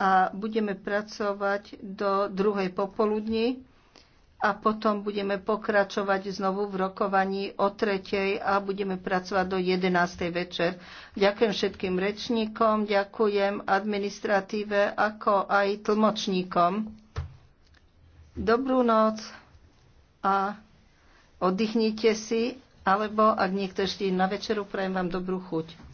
a budeme pracovať do druhej popoludní a potom budeme pokračovať znovu v rokovaní o tretej a budeme pracovať do 11. večer. Ďakujem všetkým rečníkom, ďakujem administratíve, ako aj tlmočníkom. Dobrú noc a oddychnite si, alebo ak niekto ešte na večeru, prajem vám dobrú chuť.